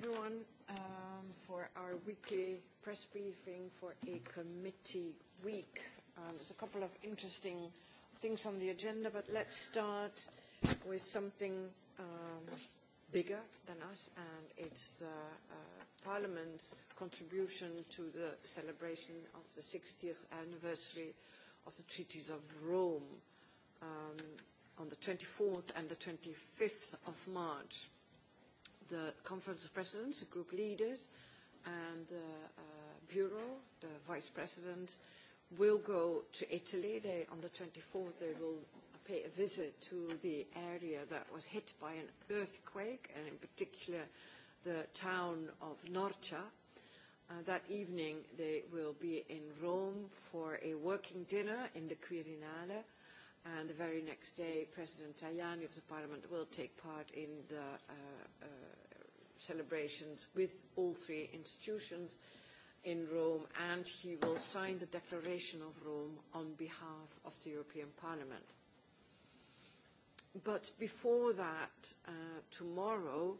everyone for our weekly press briefing for a committee week. There's a couple of interesting things on the agenda, but let's start with something bigger than us, and it's Parliament's contribution to the celebration of the 60th anniversary of the Treaties of Rome on the 24th and the 25th of March the Conference of Presidents, the group leaders, and the Bureau, the Vice Presidents, will go to Italy. on the 24th, they will pay a visit to the area that was hit by an earthquake, and in particular the town of Norcia. That evening they will be in Rome for a working dinner in the Quirinale and the very next day President Tajani of the Parliament will take part in the celebrations with all three institutions in Rome and he will sign the Declaration of Rome on behalf of the European Parliament. But before that, tomorrow,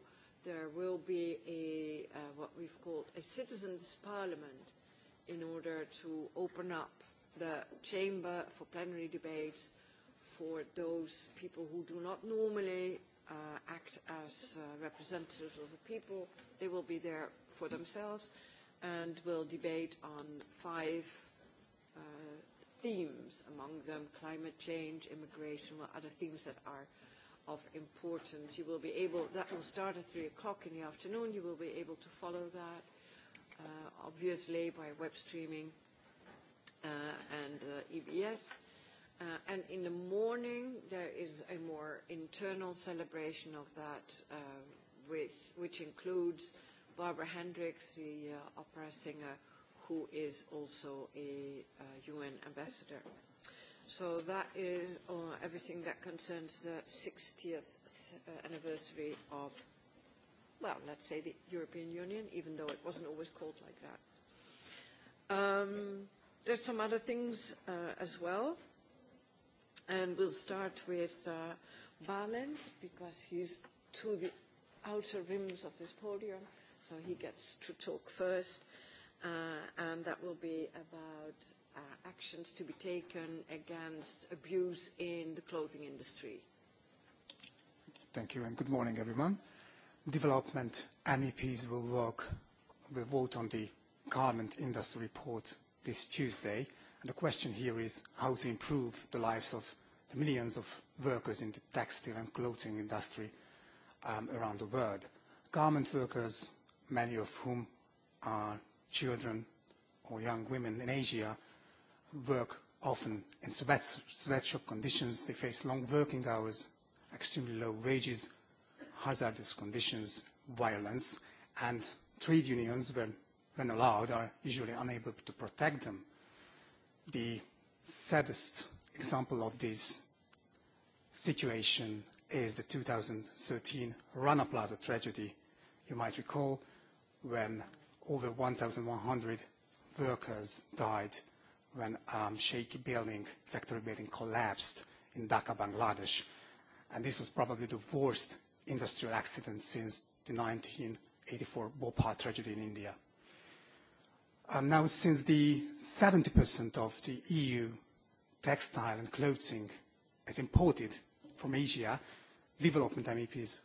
there will be a what we've called a Citizens' Parliament in order to open up the chamber for plenary debates for those people who do not normally act as representatives of the people. They will be there for themselves and will debate on five themes, among them climate change, immigration, or other themes that are of importance. You will be able, that will start at 3 o'clock in the afternoon. You will be able to follow that, obviously, by web streaming and EBS And in the morning, there is a more internal celebration of that, which includes Barbara Hendricks, the opera singer, who is also a UN ambassador. So that is everything that concerns the 60th anniversary of, well, let's say the European Union, even though it wasn't always called like that. There's some other things as well. And we'll start with Barland because he's to the outer rims of this podium, so he gets to talk first. And that will be about actions to be taken against abuse in the clothing industry. Thank you and good morning, everyone. Development MEPs will work, will vote on the garment industry report this Tuesday The question here is how to improve the lives of the millions of workers in the textile and clothing industry around the world. Garment workers, many of whom are children or young women in Asia, work often in sweatshop conditions. They face long working hours, extremely low wages, hazardous conditions, violence, and trade unions, when allowed, are usually unable to protect them the saddest example of this situation is the 2013 Rana Plaza tragedy. You might recall when over 1,100 workers died when a shaky building, factory building collapsed in Dhaka, Bangladesh. And this was probably the worst industrial accident since the 1984 Bhopal tragedy in India. Now, since the 70% of the EU textile and clothing is imported from Asia, development MEPs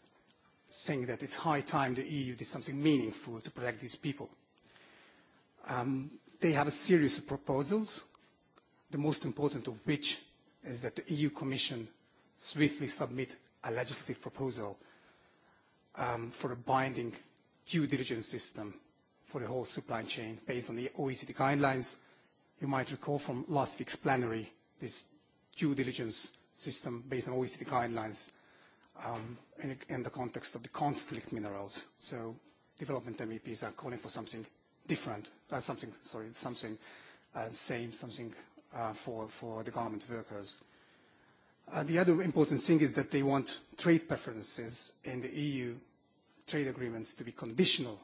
saying that it's high time the EU did something meaningful to protect these people. They have a series of proposals, the most important of which is that the EU Commission swiftly submit a legislative proposal for a binding due diligence system for the whole supply chain based on the OECD guidelines. You might recall from last week's plenary this due diligence system based on OECD guidelines in the context of the conflict minerals. So development MEPs are calling for something different, something, sorry, something same, something for, for the garment workers. the other important thing is that they want trade preferences in the EU trade agreements to be conditional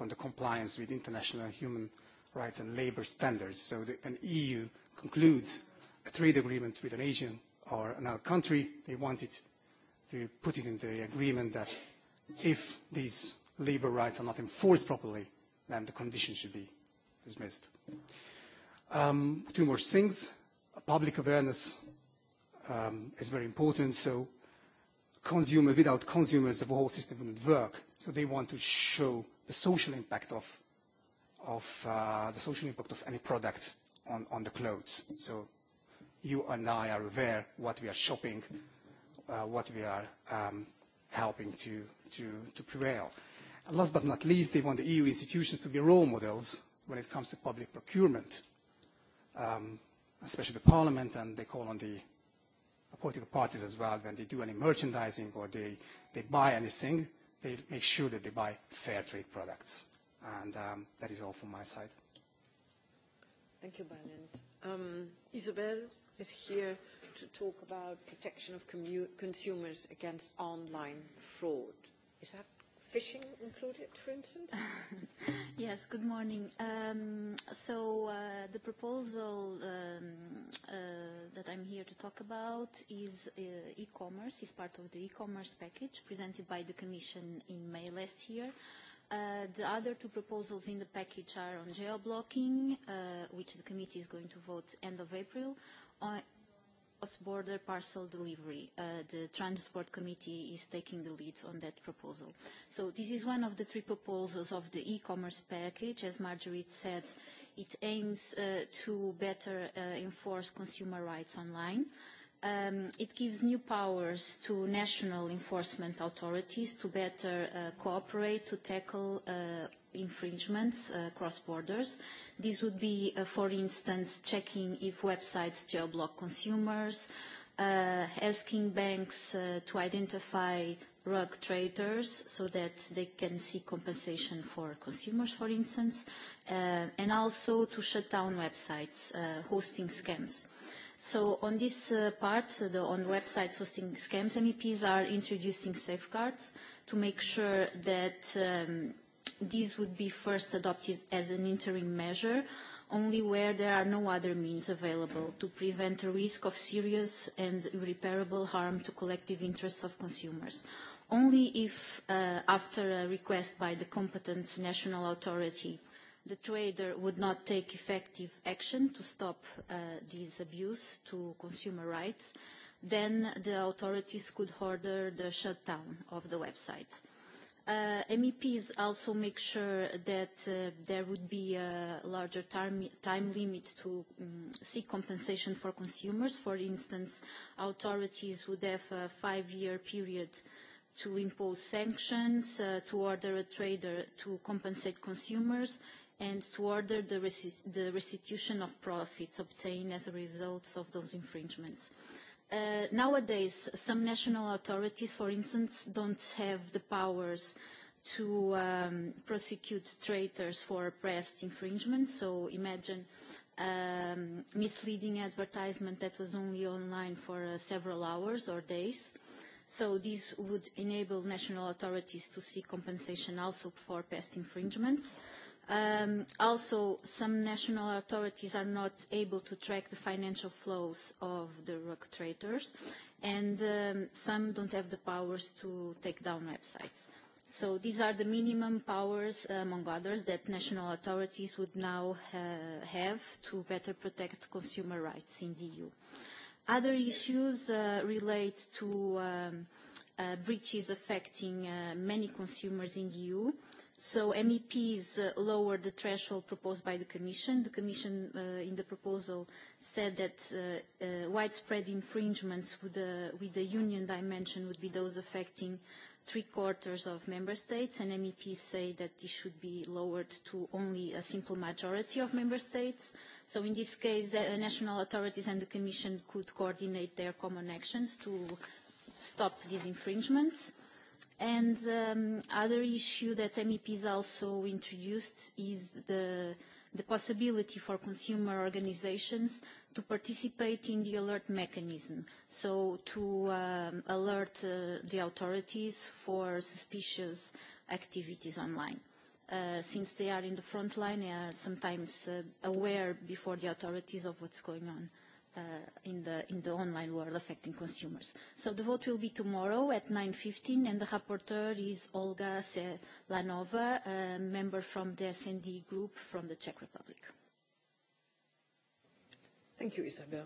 on the compliance with international human rights and labor standards. So an EU concludes a trade agreement with an Asian or another country, they want it to put it in the agreement that if these labor rights are not enforced properly, then the condition should be dismissed. Two more things. Public awareness is very important, so consumers, without consumers, the whole system wouldn't work. So they want to show the social impact of of the social impact of any product on on the clothes. So you and I are aware what we are shopping, what we are helping to to to prevail. last but not least, they want the EU institutions to be role models when it comes to public procurement, especially the Parliament, and they call on the political parties as well when they do any merchandising or they they buy anything they make sure that they buy fair trade products. And um, that is all from my side. Thank you, Balint. Um, Isabel is here to talk about protection of consumers against online fraud. Is that included, for instance? Yes, good morning. So the proposal that I'm here to talk about is e-commerce, is part of the e-commerce package presented by the Commission in May last year. The other two proposals in the package are on geo-blocking, which the committee is going to vote end of April, cross-border parcel delivery. The Transport Committee is taking the lead on that proposal. So this is one of the three proposals of the e-commerce package. As Marjorie said, it aims to better enforce consumer rights online. It gives new powers to national enforcement authorities to better cooperate to tackle infringements across borders. This would be, for instance, checking if websites geoblock consumers, asking banks to identify rug traders so that they can seek compensation for consumers, for instance, and also to shut down websites hosting scams. So on this part, on websites hosting scams, MEPs are introducing safeguards to make sure that These would be first adopted as an interim measure only where there are no other means available to prevent a risk of serious and irreparable harm to collective interests of consumers. Only if, after a request by the competent national authority, the trader would not take effective action to stop this abuse to consumer rights, then the authorities could order the shutdown of the website. MEPs also make sure that there would be a larger time limit to seek compensation for consumers. For instance, authorities would have a five-year period to impose sanctions, to order a trader to compensate consumers, and to order the restitution of profits obtained as a result of those infringements. Nowadays, some national authorities, for instance, don't have the powers to prosecute traitors for press infringement. So imagine misleading advertisement that was only online for several hours or days. So this would enable national authorities to seek compensation also for past infringements. Also, some national authorities are not able to track the financial flows of the rug traders, and some don't have the powers to take down websites. So these are the minimum powers, among others, that national authorities would now have to better protect consumer rights in the EU. Other issues relate to breaches affecting many consumers in the EU So MEPs lowered the threshold proposed by the Commission. The Commission in the proposal said that widespread infringements with the union dimension would be those affecting three-quarters of member states, and MEPs say that this should be lowered to only a simple majority of member states. So in this case, national authorities and the Commission could coordinate their common actions to stop these infringements. And other issue that MEPs also introduced is the possibility for consumer organizations to participate in the alert mechanism, so to alert the authorities for suspicious activities online. Since they are in the front line, they are sometimes aware before the authorities of what's going on in the in the online world affecting consumers. So the vote will be tomorrow at 9.15 and the rapporteur is Olga Selanova, a member from the S&D group from the Czech Republic. Thank you, Isabel.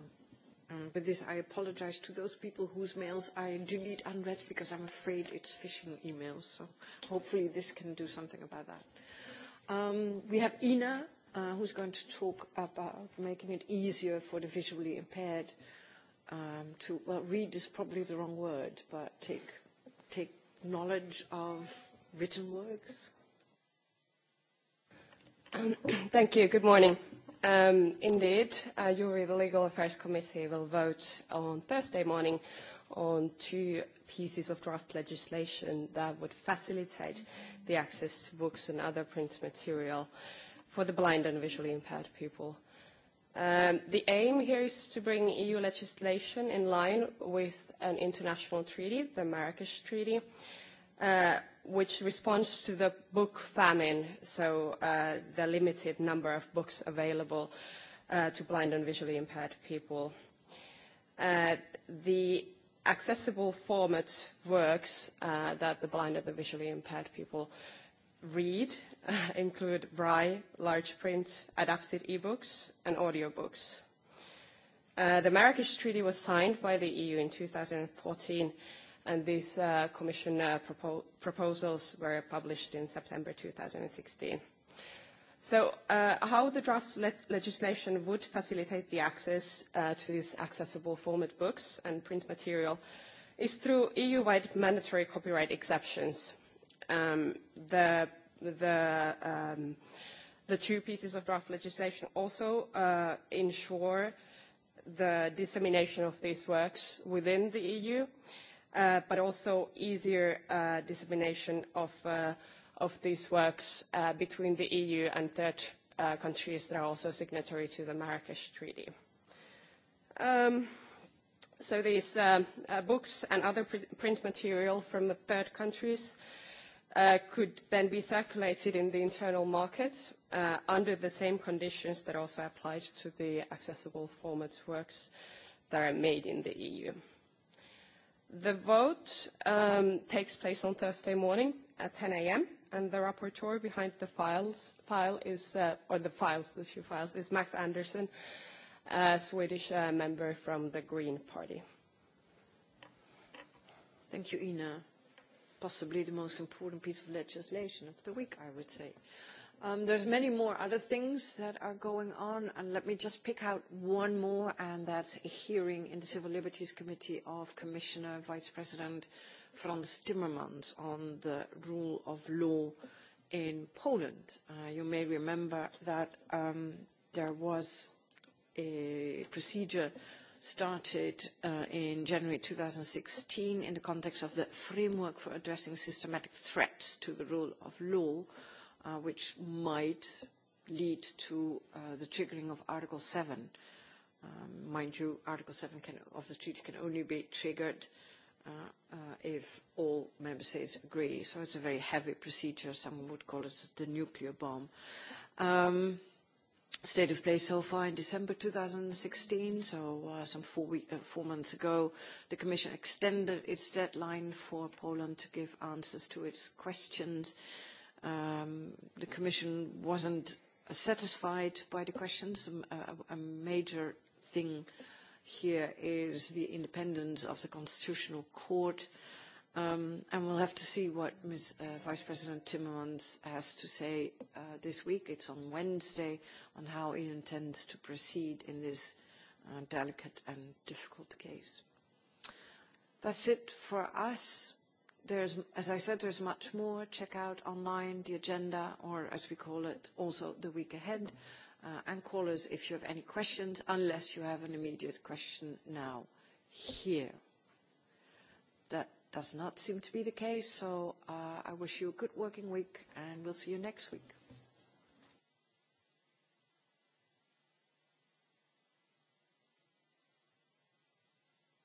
With this, I apologize to those people whose mails I delete unread because I'm afraid it's phishing emails. So hopefully this can do something about that. We have Ina who's going to talk about making it easier for the visually impaired to, well, read is probably the wrong word, but take, take knowledge of written works? Thank you. Good morning. Indeed, Yuri, the Legal Affairs Committee, will vote on Thursday morning on two pieces of draft legislation that would facilitate the access to books and other print material for the blind and visually impaired people. The aim here is to bring EU legislation in line with an international treaty, the Marrakesh Treaty, which responds to the book famine, so the limited number of books available to blind and visually impaired people. The accessible format works that the blind and the visually impaired people read include braille, large print, adapted e-books, and audiobooks. The Marrakesh Treaty was signed by the EU in 2014, and these Commission proposals were published in September 2016. So how the draft legislation would facilitate the access to these accessible format books and print material is through EU-wide mandatory copyright exceptions the the the two pieces of draft legislation also ensure the dissemination of these works within the EU, but also easier dissemination of of these works between the EU and third countries that are also signatory to the Marrakesh Treaty. So these books and other print material from the third countries could then be circulated in the internal market under the same conditions that also applied to the accessible format works that are made in the EU. The vote takes place on Thursday morning at 10 a.m. and the rapporteur behind the files file is or the files the two files is Max Anderson, a Swedish member from the Green Party. Thank you, Ina possibly the most important piece of legislation of the week, I would say. There's many more other things that are going on, and let me just pick out one more, and that's a hearing in the Civil Liberties Committee of Commissioner Vice President Franz Timmermans on the rule of law in Poland. You may remember that there was a procedure started in January 2016 in the context of the framework for addressing systematic threats to the rule of law, which might lead to the triggering of Article 7. Mind you, Article 7 of the treaty can only be triggered if all member states agree. So it's a very heavy procedure. Someone would call it the nuclear bomb state of play so far in December 2016, so some four months ago, the Commission extended its deadline for Poland to give answers to its questions. The Commission wasn't satisfied by the questions. A major thing here is the independence of the Constitutional Court And we'll have to see what Ms. Vice President Timmermans has to say this week. It's on Wednesday on how he intends to proceed in this delicate and difficult case. That's it for us. There's, as I said, there's much more. Check out online the agenda, or as we call it, also the week ahead. And call us if you have any questions, unless you have an immediate question now here does not seem to be the case, so I wish you a good working week, and we'll see you next week.